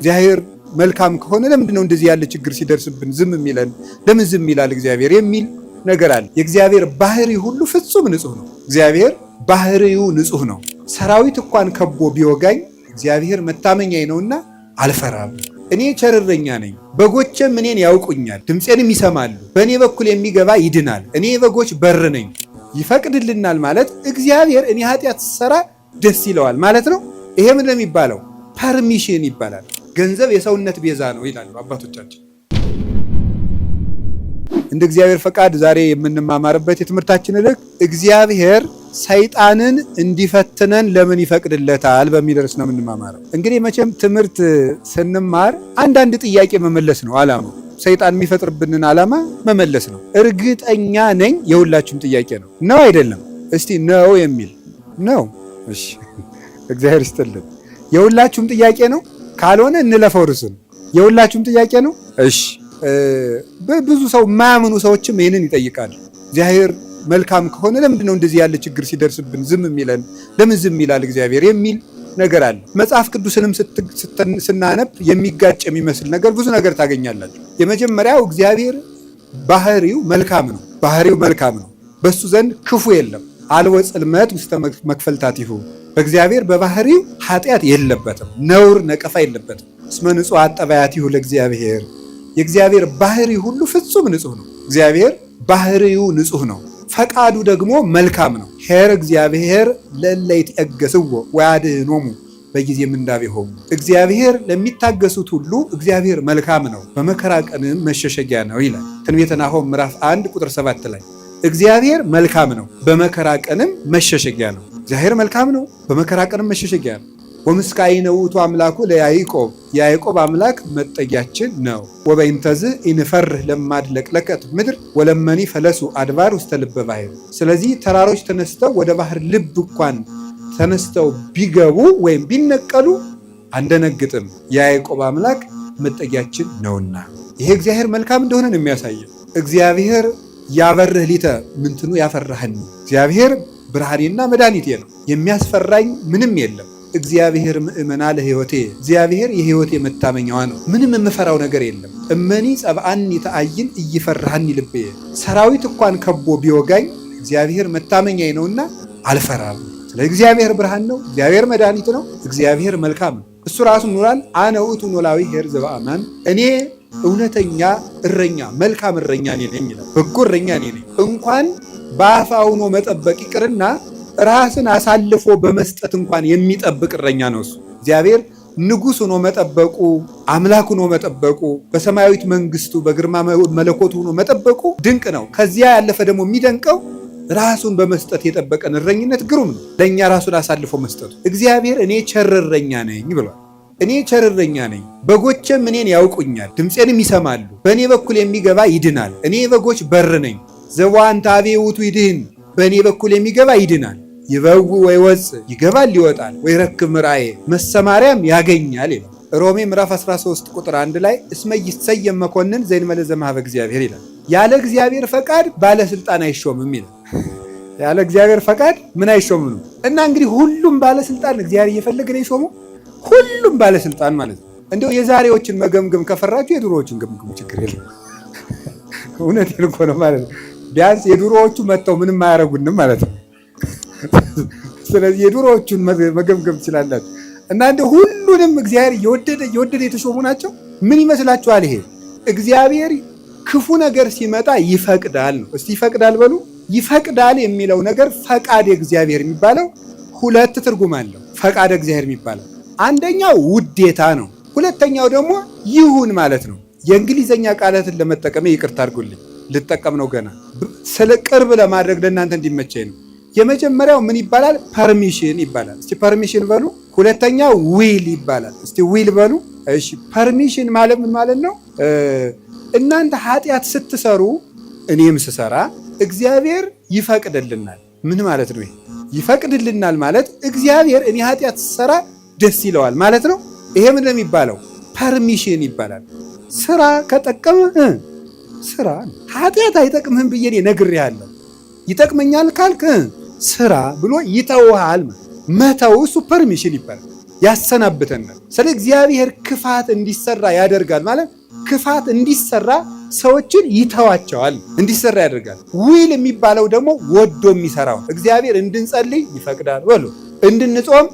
እግዚአብሔር መልካም ከሆነ ለምንድን ነው እንደዚህ ያለ ችግር ሲደርስብን ዝም የሚለን? ለምን ዝም ይላል እግዚአብሔር የሚል ነገር አለ። የእግዚአብሔር ባህሪ ሁሉ ፍጹም ንጹህ ነው። እግዚአብሔር ባህሪው ንጹህ ነው። ሰራዊት እንኳን ከቦ ቢወጋኝ እግዚአብሔር መታመኛ ነውና አልፈራም። እኔ ቸርረኛ ነኝ፣ በጎቼም እኔን ያውቁኛል፣ ድምፄንም ይሰማሉ። በእኔ በኩል የሚገባ ይድናል። እኔ የበጎች በር ነኝ። ይፈቅድልናል ማለት እግዚአብሔር እኔ ኃጢአት ስሰራ ደስ ይለዋል ማለት ነው። ይሄ ምን ለሚባለው ፐርሚሽን ይባላል። ገንዘብ የሰውነት ቤዛ ነው ይላሉ አባቶቻችን። እንደ እግዚአብሔር ፈቃድ ዛሬ የምንማማርበት የትምህርታችን ልክ እግዚአብሔር ሰይጣንን እንዲፈትነን ለምን ይፈቅድለታል በሚል ርዕስ ነው የምንማማረው። እንግዲህ መቼም ትምህርት ስንማር አንዳንድ ጥያቄ መመለስ ነው አላማው። ሰይጣን የሚፈጥርብንን አላማ መመለስ ነው። እርግጠኛ ነኝ የሁላችሁም ጥያቄ ነው። ነው አይደለም? እስቲ ነው የሚል ነው። እሺ፣ እግዚአብሔር ይስጥልን። የሁላችሁም ጥያቄ ነው። ካልሆነ እንለፈው። ርሱን የሁላችሁም ጥያቄ ነው። እሺ በብዙ ሰው የማያምኑ ሰዎችም ይህንን ይጠይቃል። እግዚአብሔር መልካም ከሆነ ለምንድን ነው እንደዚህ ያለ ችግር ሲደርስብን ዝም የሚለን? ለምን ዝም ይላል እግዚአብሔር የሚል ነገር አለ። መጽሐፍ ቅዱስንም ስናነብ የሚጋጭ የሚመስል ነገር ብዙ ነገር ታገኛላችሁ። የመጀመሪያው እግዚአብሔር ባህሪው መልካም ነው። ባህሪው መልካም ነው። በሱ ዘንድ ክፉ የለም። አልወ ጽልመት ውስተ መክፈልታቲሁ በእግዚአብሔር በባህሪው ኃጢአት የለበትም፣ ነውር ነቀፋ የለበትም። እስመ ንጹሕ አጠባያቲሁ ለእግዚአብሔር የእግዚአብሔር ባህሪ ሁሉ ፍጹም ንጹህ ነው። እግዚአብሔር ባህሪው ንጹህ ነው፣ ፈቃዱ ደግሞ መልካም ነው። ሄር እግዚአብሔር ለእለ ይትዔገሥዎ ወያድኅኖሙ በጊዜ ምንዳቤሆሙ እግዚአብሔር ለሚታገሱት ሁሉ እግዚአብሔር መልካም ነው፣ በመከራ ቀንም መሸሸጊያ ነው ይላል ትንቢተ ናሆም ምዕራፍ 1 ቁጥር 7 ላይ እግዚአብሔር መልካም ነው፣ በመከራ ቀንም መሸሸጊያ ነው። እግዚአብሔር መልካም ነው፣ በመከራ ቀንም መሸሸጊያ ነው። ወምስቃይ ነው አምላኩ ለያይቆብ የያዕቆብ አምላክ መጠጊያችን ነው። ወበይንተዝ ኢንፈርህ ለማድ ለቅለቀት ምድር ወለመኒ ፈለሱ አድባር ውስተ ልበ ስለዚህ ተራሮች ተነስተው ወደ ባህር ልብ እንኳን ተነስተው ቢገቡ ወይም ቢነቀሉ አንደነግጥም፣ የያዕቆብ አምላክ መጠጊያችን ነውና። ይሄ እግዚአብሔር መልካም እንደሆነ ነው የሚያሳየው እግዚአብሔር ያበርህ ሊተ ምንትኑ ያፈራህን እግዚአብሔር ብርሃኔና መድኃኒቴ ነው፣ የሚያስፈራኝ ምንም የለም። እግዚአብሔር ምእመና ለህይወቴ እግዚአብሔር የህይወቴ መታመኛዋ ነው። ምንም የምፈራው ነገር የለም። እመኒ ጸብአኒ ተአይን እይፈራሃኒ ልቤ ሰራዊት እንኳን ከቦ ቢወጋኝ እግዚአብሔር መታመኛዬ ነውና አልፈራም። ስለ እግዚአብሔር ብርሃን ነው። እግዚአብሔር መድኃኒት ነው። እግዚአብሔር መልካም ነው። እሱ ራሱ ኑራል አነ ውእቱ ኖላዊ ሄር ዘበአማን እኔ እውነተኛ እረኛ መልካም እረኛ እኔ ነኝ ይላል። በጎ እረኛ እኔ ነኝ። እንኳን በአፍ መጠበቅ ይቅርና ራስን አሳልፎ በመስጠት እንኳን የሚጠብቅ እረኛ ነው እሱ። እግዚአብሔር ንጉሥ ሆኖ መጠበቁ፣ አምላክ ሆኖ መጠበቁ፣ በሰማያዊት መንግስቱ በግርማ መለኮቱ ሆኖ መጠበቁ ድንቅ ነው። ከዚያ ያለፈ ደግሞ የሚደንቀው ራሱን በመስጠት የጠበቀን እረኝነት ግሩም ነው። ለእኛ ራሱን አሳልፎ መስጠቱ እግዚአብሔር እኔ ቸር እረኛ ነኝ ብሏል። እኔ ቸርረኛ ነኝ፣ በጎቼም እኔን ያውቁኛል፣ ድምፄንም ይሰማሉ። በእኔ በኩል የሚገባ ይድናል። እኔ የበጎች በር ነኝ። ዘዋን ታቤ ውቱ ይድህን፣ በእኔ በኩል የሚገባ ይድናል። ይበው ወይ ወፅ ይገባል ይወጣል፣ ወይ ረክብ ምርአዬ መሰማሪያም ያገኛል ይላል። ሮሜ ምዕራፍ 13 ቁጥር 1 ላይ እስመ ይሰየም መኮንን ዘእንበለ ዘእምኀበ እግዚአብሔር ይላል። ያለ እግዚአብሔር ፈቃድ ባለስልጣን አይሾምም ይላል። ያለ እግዚአብሔር ፈቃድ ምን አይሾምም ነው እና እንግዲህ ሁሉም ባለስልጣን እግዚአብሔር እየፈለገ ነው የሾመው ሁሉም ባለስልጣን ማለት ነው። እንደው የዛሬዎችን መገምገም ከፈራችሁ የድሮዎችን ገምግሙ፣ ችግር የለም። እውነቴን እኮ ነው ማለት ነው። ቢያንስ የድሮዎቹ መጥተው ምንም አያደርጉንም ማለት ነው። ስለዚህ የድሮዎቹን መገምገም ትችላላችሁ። እና እንደ ሁሉንም እግዚአብሔር እየወደደ እየወደደ የተሾሙ ናቸው። ምን ይመስላችኋል? ይሄ እግዚአብሔር ክፉ ነገር ሲመጣ ይፈቅዳል ነው። እስቲ ይፈቅዳል በሉ። ይፈቅዳል የሚለው ነገር ፈቃድ እግዚአብሔር የሚባለው ሁለት ትርጉም አለው። ፈቃድ እግዚአብሔር የሚባለው አንደኛው ውዴታ ነው። ሁለተኛው ደግሞ ይሁን ማለት ነው። የእንግሊዘኛ ቃላትን ለመጠቀም ይቅርታ አድርጉልኝ፣ ልጠቀም ነው ገና ስለ ቅርብ ለማድረግ ለእናንተ እንዲመቸኝ ነው። የመጀመሪያው ምን ይባላል? ፐርሚሽን ይባላል። እስቲ ፐርሚሽን በሉ። ሁለተኛ ዊል ይባላል። እስቲ ዊል በሉ። እሺ፣ ፐርሚሽን ማለት ምን ማለት ነው? እናንተ ኃጢአት ስትሰሩ እኔም ስሰራ እግዚአብሔር ይፈቅድልናል። ምን ማለት ነው? ይፈቅድልናል ማለት እግዚአብሔር እኔ ኃጢአት ስሰራ ደስ ይለዋል ማለት ነው። ይሄ ምን የሚባለው ፐርሚሽን ይባላል። ስራ ከጠቀመ ስራ፣ ኃጢአት አይጠቅምህም ብዬ እኔ ነግሬሃለሁ። ይጠቅመኛል ካልክ ስራ ብሎ ይተውሃል። መተው እሱ ፐርሚሽን ይባላል። ያሰናብተናል። ስለ እግዚአብሔር ክፋት እንዲሰራ ያደርጋል ማለት ክፋት እንዲሰራ ሰዎችን ይተዋቸዋል፣ እንዲሰራ ያደርጋል። ዊል የሚባለው ደግሞ ወዶ የሚሰራው እግዚአብሔር እንድንጸልይ ይፈቅዳል፣ በሉ እንድንጾም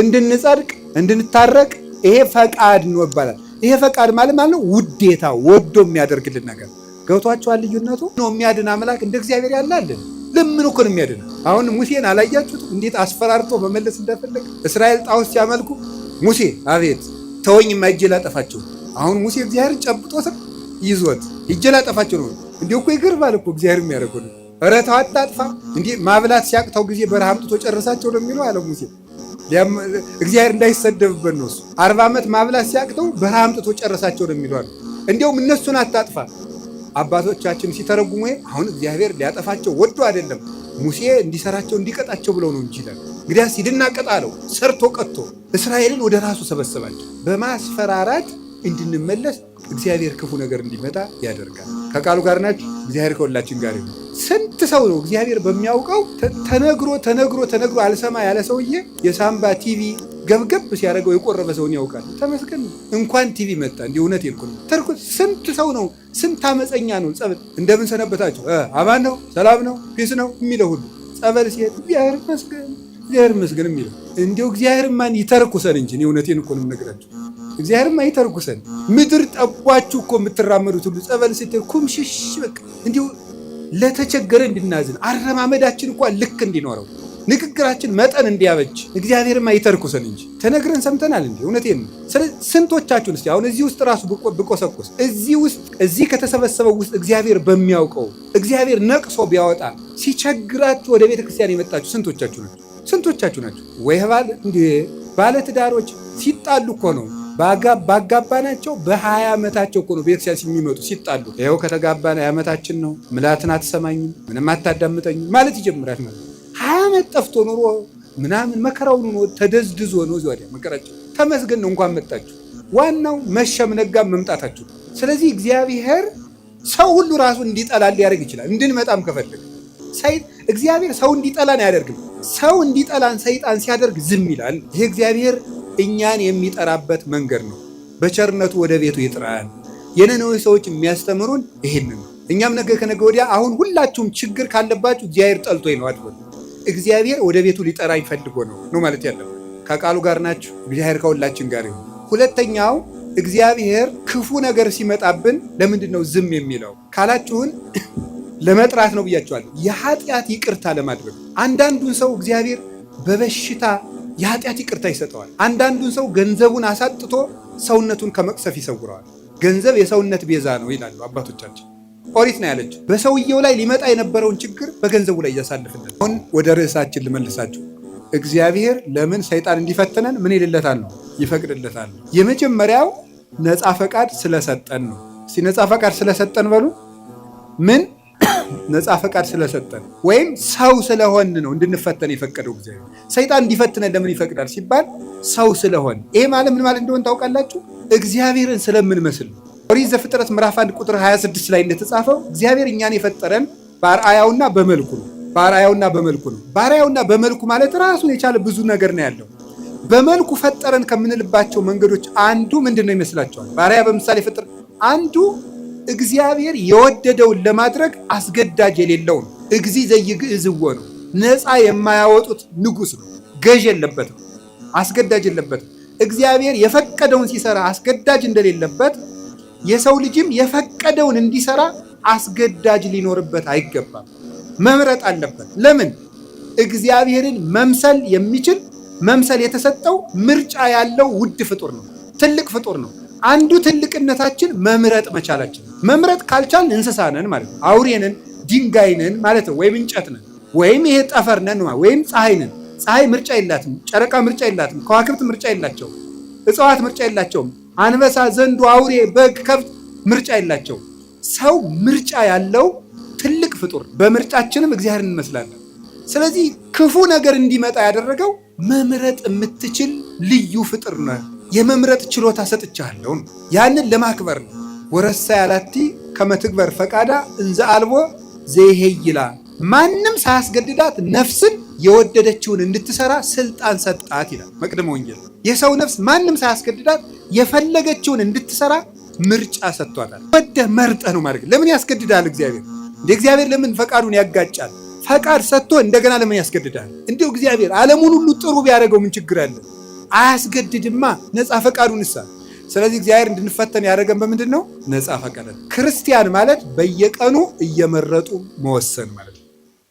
እንድንጸድቅ እንድንታረቅ ይሄ ፈቃድ ነው ይባላል። ይሄ ፈቃድ ማለት ማለት ነው ውዴታ ወዶ የሚያደርግልን ነገር ገብቷቸዋል። ልዩነቱ ነው። የሚያድን አምላክ እንደ እግዚአብሔር ያለ አለን። ለምን እኮ ነው የሚያድን? አሁን ሙሴን አላያችሁት? እንዴት አስፈራርቶ መመለስ እንደፈለግ እስራኤል ጣዖት ሲያመልኩ ሙሴ አቤት ተወኝ ማይጄ ላጠፋቸው። አሁን ሙሴ እግዚአብሔር ጨብጦ ስር ይዞት ይጄ ላጠፋቸው ነው። እንዲ እኮ ይገርማል እኮ እግዚአብሔር የሚያደርገው ነው። ኧረ ተው አታጥፋ። እንዲህ ማብላት ሲያቅተው ጊዜ በረሃ አምጥቶ ጨረሳቸው ነው የሚለው አለ ሙሴ እግዚአብሔር እንዳይሰደብበት ነው እሱ። አርባ ዓመት ማብላት ሲያቅተው በረሃ አምጥቶ ጨረሳቸው ነው የሚሏል። እንዲያውም እነሱን አታጥፋ አባቶቻችን ሲተረጉሙ አሁን እግዚአብሔር ሊያጠፋቸው ወዶ አይደለም ሙሴ እንዲሰራቸው እንዲቀጣቸው ብለው ነው እንጂ ይላል። እንግዲያስ ሂድና አለው። ሰርቶ ቀጥቶ እስራኤልን ወደ ራሱ ሰበሰባቸው በማስፈራራት እንድንመለስ እግዚአብሔር ክፉ ነገር እንዲመጣ ያደርጋል። ከቃሉ ጋር ናችሁ። እግዚአብሔር ከሁላችን ጋር ይሁን። ስንት ሰው ነው እግዚአብሔር በሚያውቀው ተነግሮ ተነግሮ ተነግሮ አልሰማ ያለ ሰውዬ የሳምባ ቲቪ ገብገብ ሲያደርገው የቆረበ ሰውን ያውቃል። ተመስገን እንኳን ቲቪ መጣ። እንዲ እውነት ይልኩ ተርኩ ስንት ሰው ነው ስንት አመፀኛ ነው ጸበል እንደምን ሰነበታቸው አማን ነው ሰላም ነው ፒስ ነው የሚለው ሁሉ ጸበል ሲሄድ እግዚአብሔር ይመስገን እግዚአብሔር ይመስገን የሚለው እንዲሁ እግዚአብሔር ማን ይተርኩሰን እንጂ እውነቴን እኮ ነው የምነግራቸው። እግዚአብሔርም አይተርጉሰን። ምድር ጠቧችሁ እኮ የምትራመዱት ሁሉ ጸበል ስትሄድ ኩምሽሽ በቃ እንዲሁ ለተቸገረ እንድናዝን አረማመዳችን እንኳ ልክ እንዲኖረው ንግግራችን መጠን እንዲያበጅ እግዚአብሔርም አይተርኩሰን እንጂ ተነግረን ሰምተናል እንዲ እውነቴን ነው። ስንቶቻችሁን እስኪ አሁን እዚህ ውስጥ ራሱ ብቆሰቁስ እዚህ ውስጥ እዚህ ከተሰበሰበው ውስጥ እግዚአብሔር በሚያውቀው እግዚአብሔር ነቅሶ ቢያወጣ ሲቸግራችሁ ወደ ቤተ ክርስቲያን የመጣችሁ ስንቶቻችሁ ናችሁ? ስንቶቻችሁ ናችሁ? ወይ ባለ ትዳሮች ሲጣሉ እኮ ነው ባጋባናቸው በሀያ ዓመታቸው እኮ ነው ቤተክርስቲያን የሚመጡ ሲጣሉ፣ ይኸው ከተጋባን ዓመታችን ነው፣ ምላትን አትሰማኝም፣ ምንም አታዳምጠኝም ማለት ይጀምራል። ማለት ሀያ ዓመት ጠፍቶ ኑሮ ምናምን መከራውን ሆኖ ተደዝድዞ ነው እዚህ ወዲያ መከራቸው። ተመስገን እንኳን መጣችሁ። ዋናው መሸም ነጋ መምጣታችሁ። ስለዚህ እግዚአብሔር ሰው ሁሉ ራሱ እንዲጠላል ሊያደርግ ይችላል። እንድንመጣም ከፈለግ እግዚአብሔር ሰው እንዲጠላን አያደርግም። ሰው እንዲጠላን ሰይጣን ሲያደርግ ዝም ይላል። ይህ እግዚአብሔር እኛን የሚጠራበት መንገድ ነው። በቸርነቱ ወደ ቤቱ ይጥራል። የነነዌ ሰዎች የሚያስተምሩን ይህንን ነው። እኛም ነገ ከነገ ወዲያ አሁን ሁላችሁም ችግር ካለባችሁ እግዚአብሔር ጠልቶኝ ነው አትበሉ። እግዚአብሔር ወደ ቤቱ ሊጠራኝ ፈልጎ ነው ነው ማለት ያለበት። ከቃሉ ጋር ናችሁ። እግዚአብሔር ከሁላችን ጋር ይሁን። ሁለተኛው እግዚአብሔር ክፉ ነገር ሲመጣብን ለምንድን ነው ዝም የሚለው ካላችሁን ለመጥራት ነው ብያቸዋል። የኃጢአት ይቅርታ ለማድረግ አንዳንዱን ሰው እግዚአብሔር በበሽታ የኃጢአት ይቅርታ ይሰጠዋል። አንዳንዱን ሰው ገንዘቡን አሳጥቶ ሰውነቱን ከመቅሰፍ ይሰውረዋል። ገንዘብ የሰውነት ቤዛ ነው ይላሉ አባቶቻችን። ኦሪት ነው ያለችው። በሰውየው ላይ ሊመጣ የነበረውን ችግር በገንዘቡ ላይ እያሳልፍለት። አሁን ወደ ርዕሳችን ልመልሳችሁ። እግዚአብሔር ለምን ሰይጣን እንዲፈትነን ምን ይልለታል ነው ይፈቅድለታል። የመጀመሪያው ነፃ ፈቃድ ስለሰጠን ነው። እስቲ ነፃ ፈቃድ ስለሰጠን በሉ ምን ነፃ ፈቃድ ስለሰጠን ወይም ሰው ስለሆን ነው እንድንፈተን የፈቀደው እግዚአብሔር። ሰይጣን እንዲፈትነን ለምን ይፈቅዳል ሲባል ሰው ስለሆን። ይሄ ማለት ምን ማለት እንደሆን ታውቃላችሁ? እግዚአብሔርን ስለምንመስል ኦሪዝ ኦሪት ዘፍጥረት ምዕራፍ 1 ቁጥር 26 ላይ እንደተጻፈው እግዚአብሔር እኛን የፈጠረን በአርአያውና በመልኩ ነው። በአርአያውና በመልኩ ነው። በአርአያውና በመልኩ ማለት ራሱን የቻለ ብዙ ነገር ነው ያለው። በመልኩ ፈጠረን ከምንልባቸው መንገዶች አንዱ ምንድን ነው ይመስላችኋል? በአርአያ በምሳሌ ፍጥር አንዱ እግዚአብሔር የወደደውን ለማድረግ አስገዳጅ የሌለው ነው። እግዚ ዘይግዕዝዎ ነው። ነፃ የማያወጡት ንጉሥ ነው። ገዥ የለበትም፣ አስገዳጅ የለበትም። እግዚአብሔር የፈቀደውን ሲሰራ አስገዳጅ እንደሌለበት የሰው ልጅም የፈቀደውን እንዲሰራ አስገዳጅ ሊኖርበት አይገባም። መምረጥ አለበት። ለምን? እግዚአብሔርን መምሰል የሚችል መምሰል የተሰጠው ምርጫ ያለው ውድ ፍጡር ነው። ትልቅ ፍጡር ነው። አንዱ ትልቅነታችን መምረጥ መቻላችን መምረጥ ካልቻልን እንስሳ ነን ማለት ነው። አውሬ ነን፣ ድንጋይ ነን ማለት ነው። ወይም እንጨት ነን፣ ወይም ይሄ ጠፈር ነን፣ ወይም ፀሐይ ነን። ፀሐይ ምርጫ የላትም፣ ጨረቃ ምርጫ የላትም፣ ከዋክብት ምርጫ የላቸውም፣ እጽዋት ምርጫ የላቸውም። አንበሳ፣ ዘንዶ፣ አውሬ፣ በግ፣ ከብት ምርጫ የላቸው። ሰው ምርጫ ያለው ትልቅ ፍጡር፣ በምርጫችንም እግዚአብሔር እንመስላለን። ስለዚህ ክፉ ነገር እንዲመጣ ያደረገው መምረጥ የምትችል ልዩ ፍጡር ነህ፣ የመምረጥ ችሎታ ሰጥቻለሁ፣ ያንን ለማክበር ነው። ወረሳ ያላቲ ከመትግበር ፈቃዳ እንዘ አልቦ ይላ ማንም ሳያስገድዳት ነፍስን የወደደችውን እንድትሰራ ስልጣን ሰጣት ይላል መቅደመ ወንጌል። የሰው ነፍስ ማንም ሳያስገድዳት የፈለገችውን እንድትሰራ ምርጫ ሰጥቷታል። ወደ መርጠ ነው ማድረግ። ለምን ያስገድዳል እግዚአብሔር? እንደ እግዚአብሔር ለምን ፈቃዱን ያጋጫል? ፈቃድ ሰጥቶ እንደገና ለምን ያስገድዳል? እንዲሁ እግዚአብሔር ዓለሙን ሁሉ ጥሩ ቢያደርገው ምን ችግር አለ? አያስገድድማ። ነፃ ፈቃዱን ይሳል። ስለዚህ እግዚአብሔር እንድንፈተን ያደረገን በምንድን ነው? ነፃ ፈቀደን። ክርስቲያን ማለት በየቀኑ እየመረጡ መወሰን ማለት